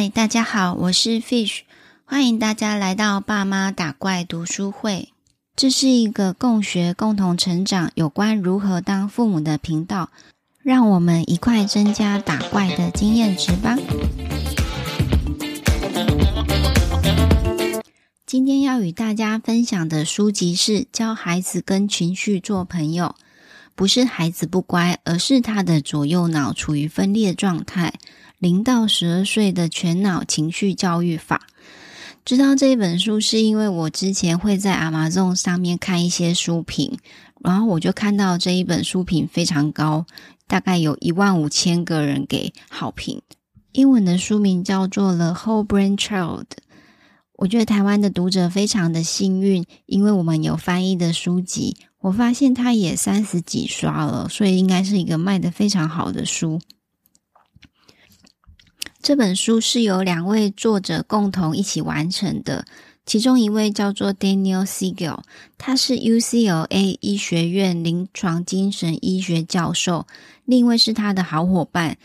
嗨，大家好，我是 Fish，歡迎大家來到爸媽打怪讀書會。這是一個共學、共同成長有關如何當父母的頻道，讓我們一塊增加打怪的經驗值吧。今天要與大家分享的書籍是《教孩子跟情緒做朋友》，不是孩子不乖，而是他的左右腦處於分裂狀態。零到十二歲的全腦情緒教育法，知道這一本書是因為我之前會在 Amazon 上面看一些書評，然後我就看到這一本書評非常高，大概有一萬五千個人給好評。英文的書名叫做了《The Whole Brain Child》，我覺得台灣的讀者非常的幸運，因為我們有翻譯的書籍。我發現它也三十幾刷了，所以應該是一個賣得非常好的書。這本書是由兩位作者共同一起完成的，其中一位叫做 Daniel Siegel，他是 UCLA 醫學院臨床精神醫學教授，另一位是他的好夥伴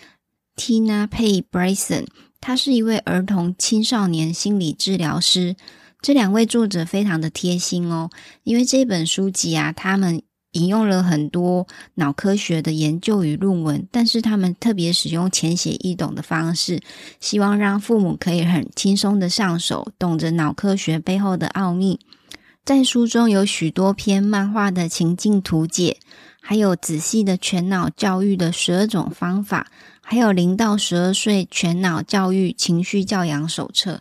Tina Payne Bryson，他是一位兒童青少年心理治療師。這兩位作者非常的貼心哦，因為這本書籍啊，他們。引用了很多腦科學的研究與論文，但是他們特別使用淺顯易懂的方式，希望讓父母可以很輕鬆的上手，懂得腦科學背後的奧秘。在書中有許多篇漫畫的情境圖解，還有仔細的全腦教育的十二種方法，還有零到十二歲全腦教育情緒教養手冊。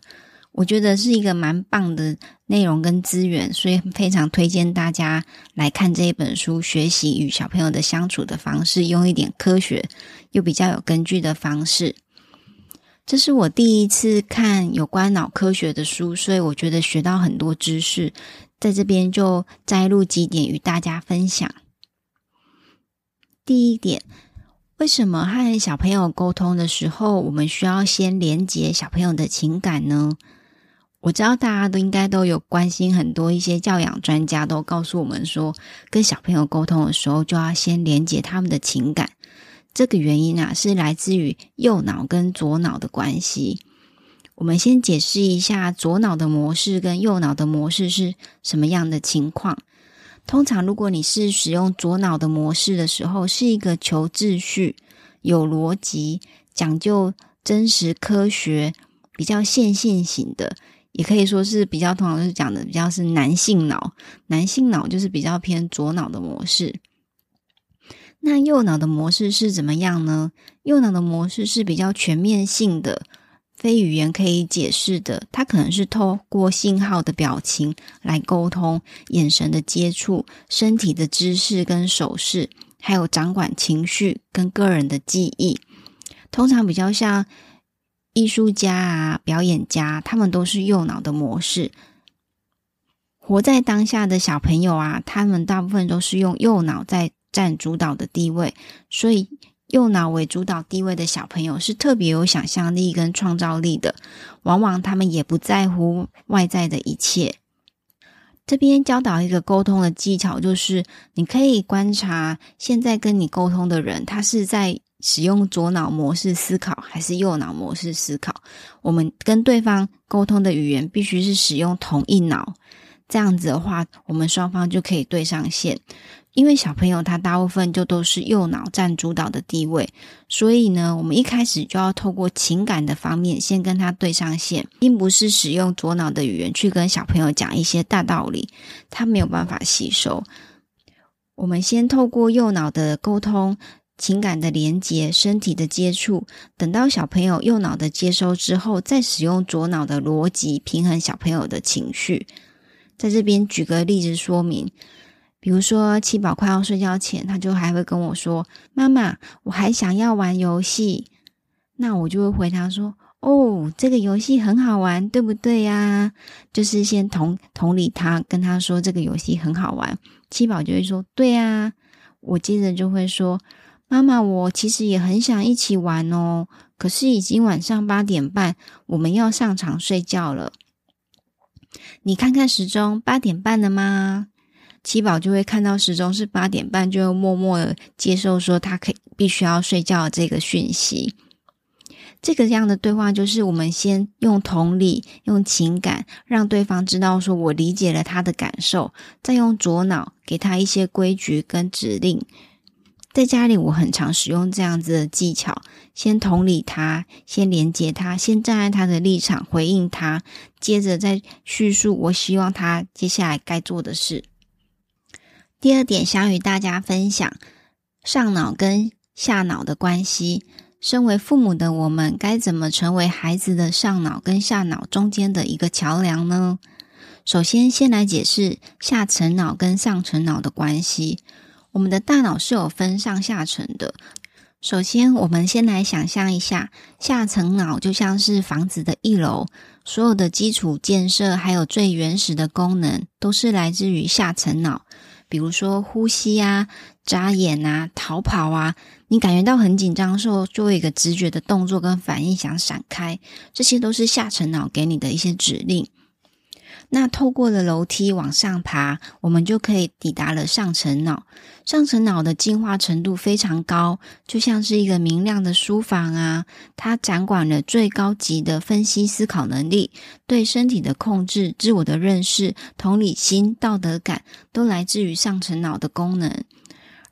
我覺得是一個蠻棒的內容跟資源，所以非常推薦大家來看這一本書，學習與小朋友的相處的方式，用一點科學又比較有根據的方式。這是我第一次看有關腦科學的書，所以我覺得學到很多知識，在這邊就摘錄幾點與大家分享。第一點，為什麼和小朋友溝通的時候，我們需要先連接小朋友的情感呢？我知道大家都應該都有關心，很多一些教養專家都告訴我們說，跟小朋友溝通的時候就要先連接他們的情感。這個原因啊，是來自於右腦跟左腦的關係。我們先解釋一下左腦的模式跟右腦的模式是什麼樣的情況。通常如果你是使用左腦的模式的時候，是一個求秩序、有邏輯、講究真實科學、比較線性型的。也可以說是比較，通常就是講的比較是男性腦，男性腦就是比較偏左腦的模式。那右腦的模式是怎麼樣呢？右腦的模式是比較全面性的，非語言可以解釋的。它可能是透過信號的表情來溝通，眼神的接觸，身體的姿勢跟手勢，還有掌管情緒跟個人的記憶，通常比較像。藝術家啊，表演家啊，他們都是右腦的模式。活在當下的小朋友啊，他們大部分都是用右腦在占主導的地位。所以，右腦為主導地位的小朋友是特別有想象力跟創造力的。往往他們也不在乎外在的一切。這邊教導一個溝通的技巧，就是你可以觀察現在跟你溝通的人，他是在使用左腦模式思考，還是右腦模式思考？我們跟對方溝通的語言必須是使用同一腦，這樣子的話，我們雙方就可以對上線。因為小朋友他大部分就都是右腦佔主導的地位，所以呢，我們一開始就要透過情感的方面先跟他對上線，並不是使用左腦的語言去跟小朋友講一些大道理，他沒有辦法吸收。我們先透過右腦的溝通。情感的連接、身體的接觸，等到小朋友右腦的接收之後，再使用左腦的邏輯平衡小朋友的情緒。在這邊舉個例子說明，比如說七寶快要睡覺前，他就還會跟我說：“媽媽，我還想要玩遊戲。”那我就會回他說：“哦，這個遊戲很好玩，對不對呀？”就是先同同理他，跟他說這個遊戲很好玩。七寶就會說：“對呀。”我接着就會說。媽媽，我其實也很想一起玩哦，可是已經晚上八點半，我們要上床睡覺了。你看看時鐘，八點半了嗎？七寶就會看到時鐘是八點半，就會默默的接受說他可以必須要睡覺的這個訊息。這個這樣的對話，就是我們先用同理、用情感讓對方知道說我理解了他的感受，再用左腦給他一些規矩跟指令。在家裡，我很常使用這樣子的技巧：先同理他，先連接他，先站在他的立場回應他，接着再敘述我希望他接下來該做的事。第二點，想與大家分享上腦跟下腦的關係。身為父母的我們，該怎麼成為孩子的上腦跟下腦中間的一個橋樑呢？首先，先來解釋下層腦跟上層腦的關係。我們的大腦是有分上下層的。首先，我們先來想象一下，下層腦就像是房子的一樓，所有的基礎建設還有最原始的功能，都是來自於下層腦。比如說呼吸啊、眨眼啊、逃跑啊，你感覺到很緊張的時候，就會有一個直覺的動作跟反應，想閃開，這些都是下層腦給你的一些指令。那透過了樓梯往上爬，我們就可以抵達了上層腦。上層腦的進化程度非常高，就像是一個明亮的書房啊！它掌管了最高級的分析思考能力、對身體的控制、自我的認識、同理心、道德感，都來自於上層腦的功能。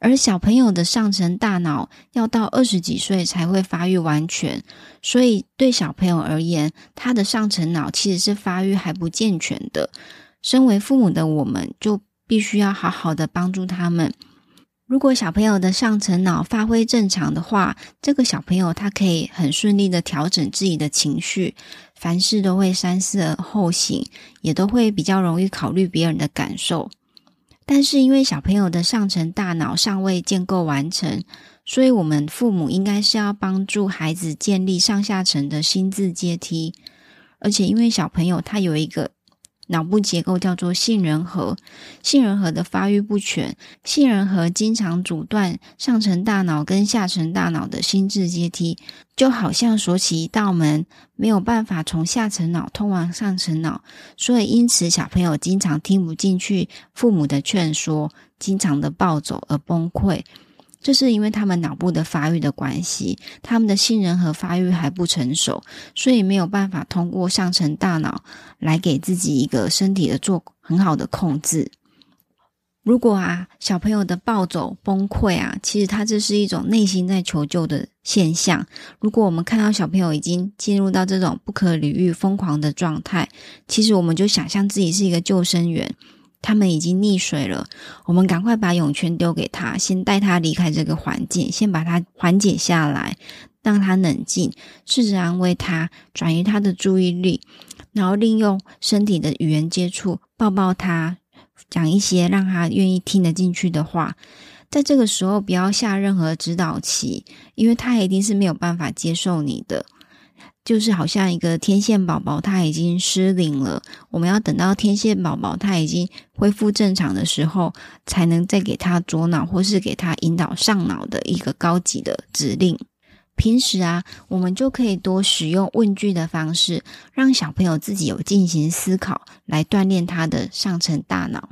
而小朋友的上層大腦要到二十幾歲才會發育完全，所以對小朋友而言，他的上層腦其實是發育還不健全的。身為父母的我們就必須要好好的幫助他們。如果小朋友的上層腦發揮正常的話，這個小朋友他可以很順利的調整自己的情緒，凡事都會三思而後行，也都會比較容易考慮別人的感受。但是，因為小朋友的上層大腦尚未建構完成，所以我們父母應該是要幫助孩子建立上下層的心智階梯。而且，因為小朋友他有一個腦部結構叫做杏仁核，杏仁核的發育不全，杏仁核經常阻斷上層大腦跟下層大腦的心智階梯，就好像鎖起一道門，沒有辦法從下層腦通往上層腦，所以因此小朋友經常聽不進去父母的勸說，經常的暴走而崩潰。這是因為他們腦部的發育的關係，他們的杏仁核發育還不成熟，所以沒有辦法通過上層大腦來給自己一個身體的做很好的控制。如果啊，小朋友的暴走崩潰啊，其實他這是一種內心在求救的現象。如果我們看到小朋友已經進入到這種不可理喻、瘋狂的狀態，其實我們就想象自己是一個救生員。他們已經溺水了，我們趕快把泳圈丟給他，先帶他離開這個環境，先把他緩解下來，讓他冷靜，試着安慰他，轉移他的注意力，然後利用身體的語言接觸，抱抱他，講一些讓他願意聽得進去的話。在這個時候，不要下任何指導棋，因為他一定是沒有辦法接受你的。就是好像一個天線寶寶，它已經失靈了。我們要等到天線寶寶它已經恢復正常的時候，才能再給他左腦或是給他引導上腦的一個高級的指令。平時啊，我們就可以多使用問句的方式，讓小朋友自己有進行思考，來鍛鍊他的上層大腦。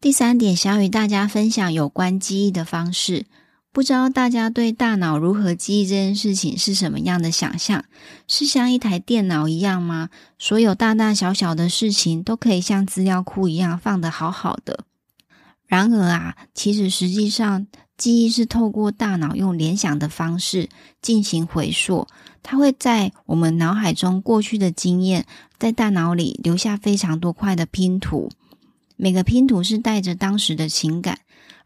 第三點，想與大家分享有關記憶的方式。不知道大家對大腦如何記憶這件事情是什麼樣的想象？是像一台電腦一樣嗎？所有大大小小的事情都可以像資料庫一樣放得好好的。然而啊，其實實際上記憶是透過大腦用聯想的方式進行回溯，它會在我們腦海中過去的經驗，在大腦裡留下非常多塊的拼圖，每個拼圖是帶着當時的情感。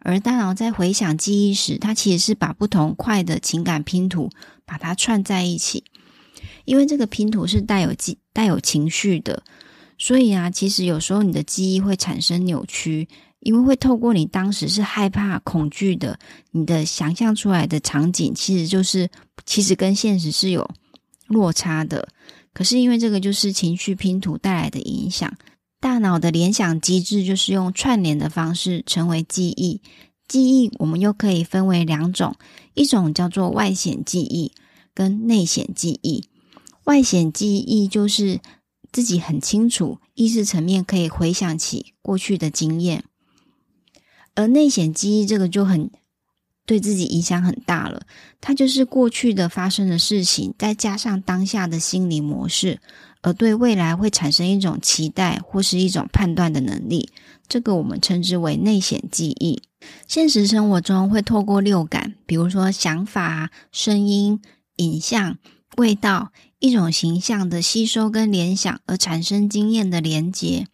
而大腦在回想記憶時，它其實是把不同塊的情感拼圖把它串在一起，因為這個拼圖是帶有記帶有情緒的，所以啊，其實有時候你的記憶會產生扭曲，因為會透過你當時是害怕、恐懼的，你的想象出來的場景其實就是其實跟現實是有落差的，可是因為這個就是情緒拼圖帶來的影響。大腦的聯想機制就是用串聯的方式成為記憶。記憶我們又可以分為兩種，一種叫做外顯記憶，跟內顯記憶。外顯記憶就是自己很清楚，意識層面可以回想起過去的經驗；而內顯記憶這個就很，對自己影響很大了，它就是過去的發生的事情，再加上當下的心理模式。而對未來會產生一種期待，或是一種判斷的能力，這個我們稱之為內顯記憶。現實生活中會透過六感，比如說想法、聲音、影像、味道，一種形象的吸收跟聯想而產生經驗的連結。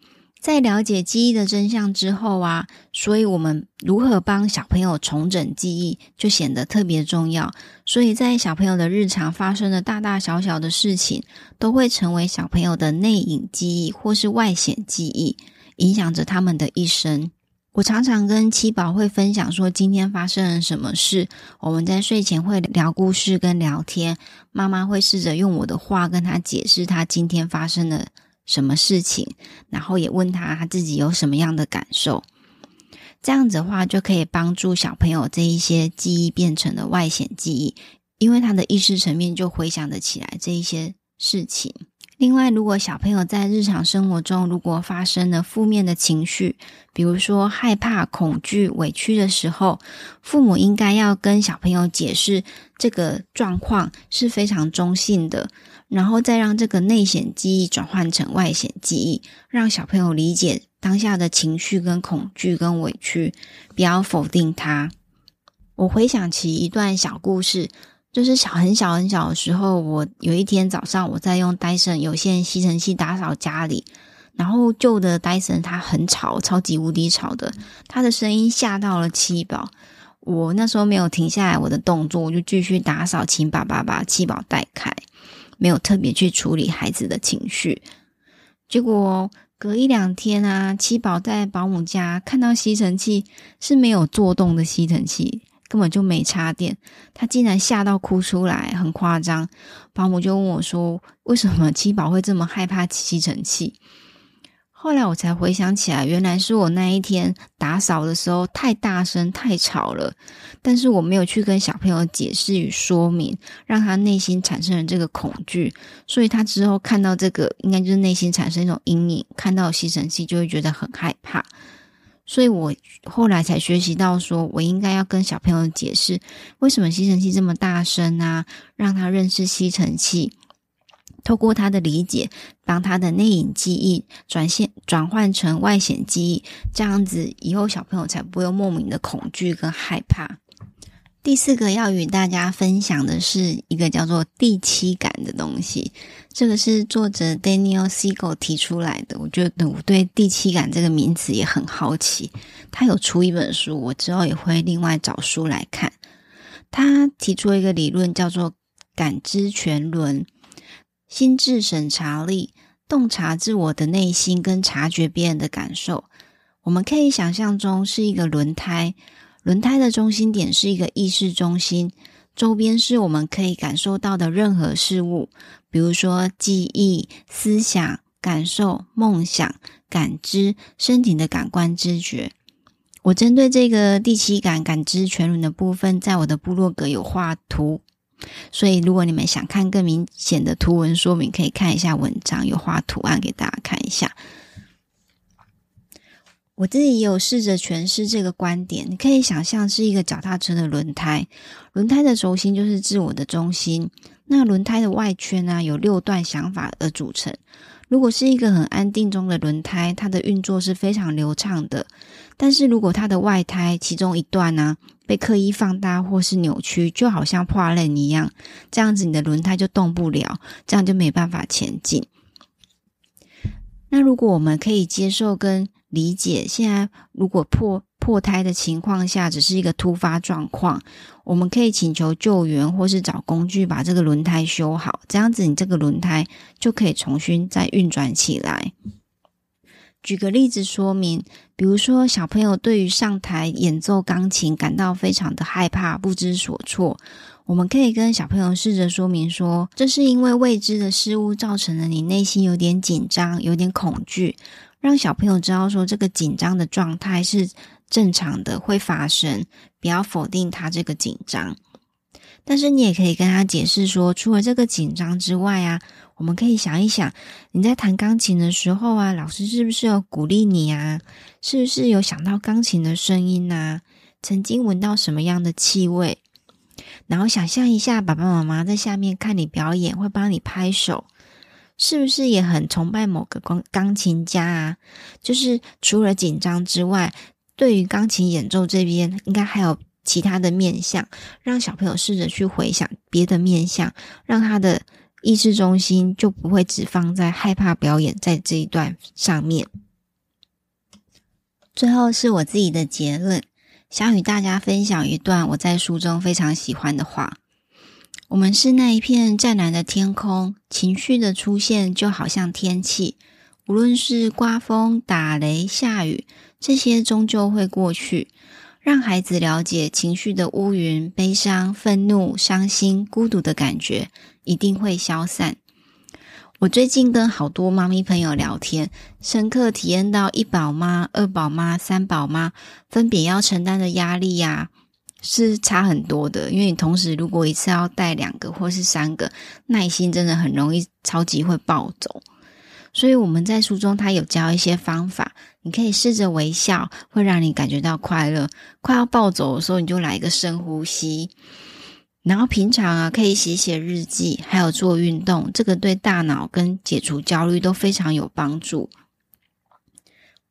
在了解記憶的真相之後啊，所以我們如何幫小朋友重整記憶，就顯得特別重要。所以在小朋友的日常發生的大大小小的事情，都會成為小朋友的內隱記憶或是外顯記憶，影響着他們的一生。我常常跟七寶會分享說，今天發生了什麼事。我們在睡前會聊故事跟聊天，媽媽會試着用我的話跟他解釋他今天發生的什麼事情，然後也問他，他自己有什麼樣的感受，這樣子的話就可以幫助小朋友這一些記憶變成了外顯記憶，因為他的意識層面就回想得起來這一些事情。另外，如果小朋友在日常生活中如果發生了負面的情緒，比如說害怕、恐懼、委屈的時候，父母應該要跟小朋友解釋這個狀況是非常中性的。然後再讓這個內顯記憶轉換成外顯記憶，讓小朋友理解當下的情緒跟恐懼跟委屈，不要否定他。我回想起一段小故事，就是小很小很小的時候，我有一天早上我在用戴森有線吸塵器打掃家裡，然後舊的戴森它很吵，超級無敵吵的，它的聲音嚇到了七寶。我那時候沒有停下來我的動作，我就繼續打掃，請爸爸把七寶帶開。沒有特別去處理孩子的情緒，結果隔一兩天啊，七寶在保姆家看到吸塵器是沒有作動的吸塵器，根本就沒插電，他竟然嚇到哭出來，很誇張。保姆就問我說：“為什麼七寶會這麼害怕吸塵器？”後來我才回想起來，原來是我那一天打掃的時候太大聲太吵了，但是我沒有去跟小朋友解釋與說明，讓他內心產生了這個恐懼，所以他之後看到這個，應該就是內心產生一種陰影，看到吸塵器就會覺得很害怕。所以我後來才學習到說，說我應該要跟小朋友解釋，為什麼吸塵器這麼大聲啊，讓他認識吸塵器。透過他的理解，幫他的內隱記憶轉現轉換成外顯記憶，這樣子以後小朋友才不會莫名的恐懼跟害怕。第四個要與大家分享的是一個叫做第七感的東西，這個是作者 Daniel Siegel 提出來的。我覺得我對第七感這個名詞也很好奇，他有出一本書，我之後也會另外找書來看。他提出一個理論叫做感知全輪。心智審查力，洞察自我的內心跟察覺別人的感受。我們可以想象中是一個輪胎，輪胎的中心點是一個意識中心，周邊是我們可以感受到的任何事物，比如說記憶、思想、感受、夢想、感知、身體的感官知覺。我針對這個第七感感知全輪的部分，在我的部落格有畫圖。所以，如果你們想看更明顯的圖文說明，可以看一下文章，有畫圖案給大家看一下。我自己也有試着詮釋這個觀點。你可以想象是一個腳踏車的輪胎，輪胎的軸心就是自我的中心。那輪胎的外圈呢，啊，有六段想法而組成。如果是一個很安定中的輪胎，它的運作是非常流暢的。但是如果它的外胎其中一段呢、啊、被刻意放大或是扭曲，就好像破裂一樣，這樣子你的輪胎就動不了，這樣就沒辦法前進。那如果我們可以接受跟理解，現在如果破破胎的情況下只是一個突發狀況，我們可以請求救援或是找工具把這個輪胎修好，這樣子你這個輪胎就可以重新再運轉起來。舉個例子說明，比如說小朋友對於上台演奏鋼琴感到非常的害怕、不知所措，我們可以跟小朋友試着說明說，這是因為未知的事物造成了你內心有點緊張、有點恐懼，讓小朋友知道說這個緊張的狀態是正常的，會發生，不要否定他這個緊張。但是你也可以跟他解釋說，除了這個緊張之外啊，我們可以想一想，你在彈鋼琴的時候啊，老師是不是有鼓勵你啊？是不是有想到鋼琴的聲音吶、啊？曾經聞到什麼樣的氣味？然後想象一下，爸爸媽媽在下面看你表演，會幫你拍手，是不是也很崇拜某個鋼鋼琴家啊？就是除了緊張之外，對於鋼琴演奏這邊，應該還有，其他的面向，讓小朋友試着去回想別的面向，讓他的意識中心就不會只放在害怕表演在這一段上面。最後是我自己的結論，想與大家分享一段我在書中非常喜歡的話：我們是那一片湛藍的天空，情緒的出現就好像天氣，無論是颳風、打雷、下雨，這些終究會過去。讓孩子了解情緒的烏雲，悲傷、憤怒、傷心、孤獨的感覺一定會消散。我最近跟好多媽咪朋友聊天，深刻體驗到一寶媽、二寶媽、三寶媽分別要承擔的壓力呀、啊，是差很多的。因為你同時如果一次要帶兩個或是三個，耐心真的很容易超級會暴走。所以我們在書中，他有教一些方法，你可以試着微笑，會讓你感覺到快樂。快要暴走的時候，你就來一個深呼吸。然後平常啊，可以寫寫日記，還有做運動，這個對大腦跟解除焦慮都非常有幫助。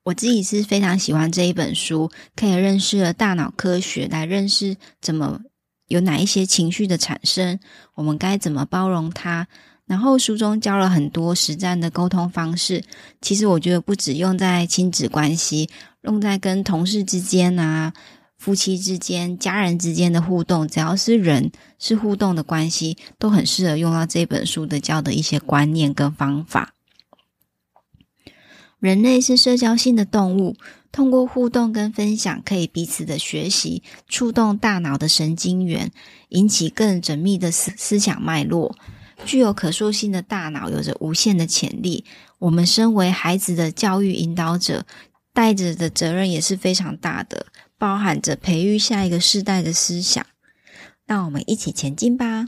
我自己是非常喜歡這一本書，可以認識了大腦科學，來認識怎麼有哪一些情緒的產生，我們該怎麼包容它。然後書中教了很多實戰的溝通方式，其實我覺得不止用在親子關係，用在跟同事之間啊、夫妻之間、家人之間的互動，只要是人是互動的關係，都很適合用到這本書的教的一些觀念跟方法。人類是社交性的動物，通過互動跟分享，可以彼此的學習，觸動大腦的神經元，引起更縝密的思思想脈絡。具有可塑性的大腦有着無限的潛力。我們身為孩子的教育引導者，帶着的責任也是非常大的，包含着培育下一個世代的思想。讓我們一起前進吧！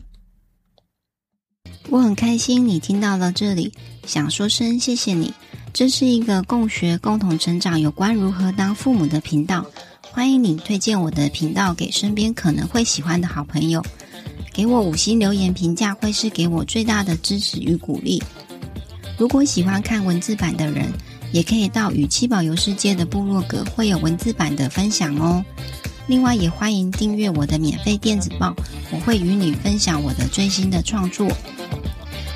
我很開心你聽到了這裡，想說聲謝謝你。這是一個共學、共同成長有關如何當父母的頻道，歡迎你推薦我的頻道給身邊可能會喜歡的好朋友。給我五星留言評價，會是給我最大的支持與鼓勵。如果喜歡看文字版的人，也可以到與七寶遊世界的部落格，會有文字版的分享哦。另外，也歡迎訂閱我的免費電子報，我會與你分享我的最新的創作。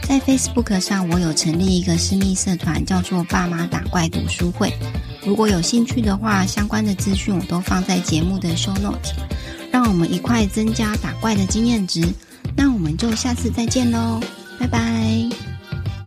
在 Facebook 上，我有成立一個私密社團，叫做“爸媽打怪讀書會”。如果有興趣的話，相關的資訊我都放在節目的 Show Note。讓我們一塊增加打怪的經驗值，那我們就下次再見嘍，拜拜。